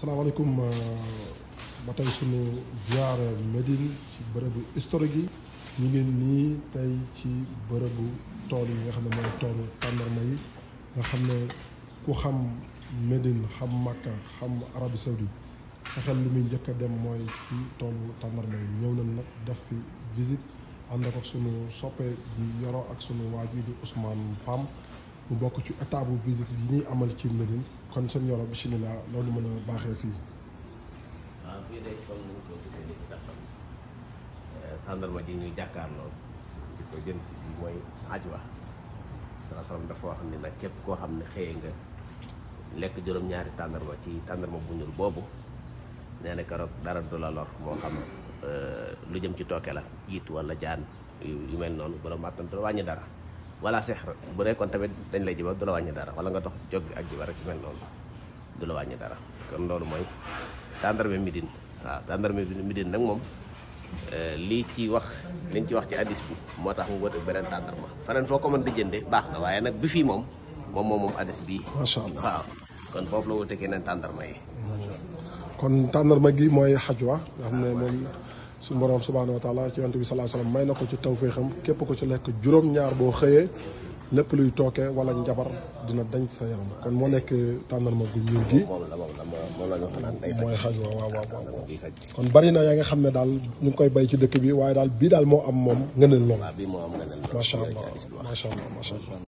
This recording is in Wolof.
salaamaaleykum euh, ba tey sunu ziar Médine ci bërëbu historique yi ñu ngi nii tey ci bërëbu tool yi nga xam ne mooy toolu tàndarma yi nga xam ne ku xam Médine xam Makka xam Arabie Saoudite sa xel li muy njëkk dem mooy ci toolu tàndarma yi ñëw nañ nag def fi visite ànd ak sunu soppe ji yoro ak sunu waaj yi di Ousmane Fam mu bokk ci état bu visite yi ñuy amal ci medine kon seen yoro bismillah loolu mën a baaxee fii ah, eh, jàkkaarloo di ko si mooy ajwa sala salam dafa wax ni nag képp koo xam ne nga lekk juróom-ñaari tàndarma ci tàndarma bu ñul boobu nee na dara du la lor moo xam wala seex bu dee kon tamit dañ lay jëba du la wàññi dara wala nga dox jog ak jiba rek mel noonu du la wàññi dara kon loolu mooy tàndarme midin waaw tàndarme midin nag moom euh, lii ci wax liñ ci wax ci addis bi moo tax mu woote beneen tàndarma faneen foo ko mën di baax na waaye nag bi fii moom moom moom moom addis bi macha allah waaw kon foofu la woote keneen tàndarma yi. kon tàndarma gi mooy xajwa nga xam ne moom su borom subhaanahu wa taala ci yonent bi salaa salaam may na ko ci tawféexam képp ko ci lekk juróom-ñaar boo xëyee lépp luy tooke wala njabar dina dañ sa yaram kon moo nekk tàndarma gu ñuul gi mooy xajwa waaw waaw kon bari na yaa nga xam ne daal ñu ngi koy bay ci dëkk bi waaye daal bii daal moo am moom ngëneel lool macha allah macha allah macha allah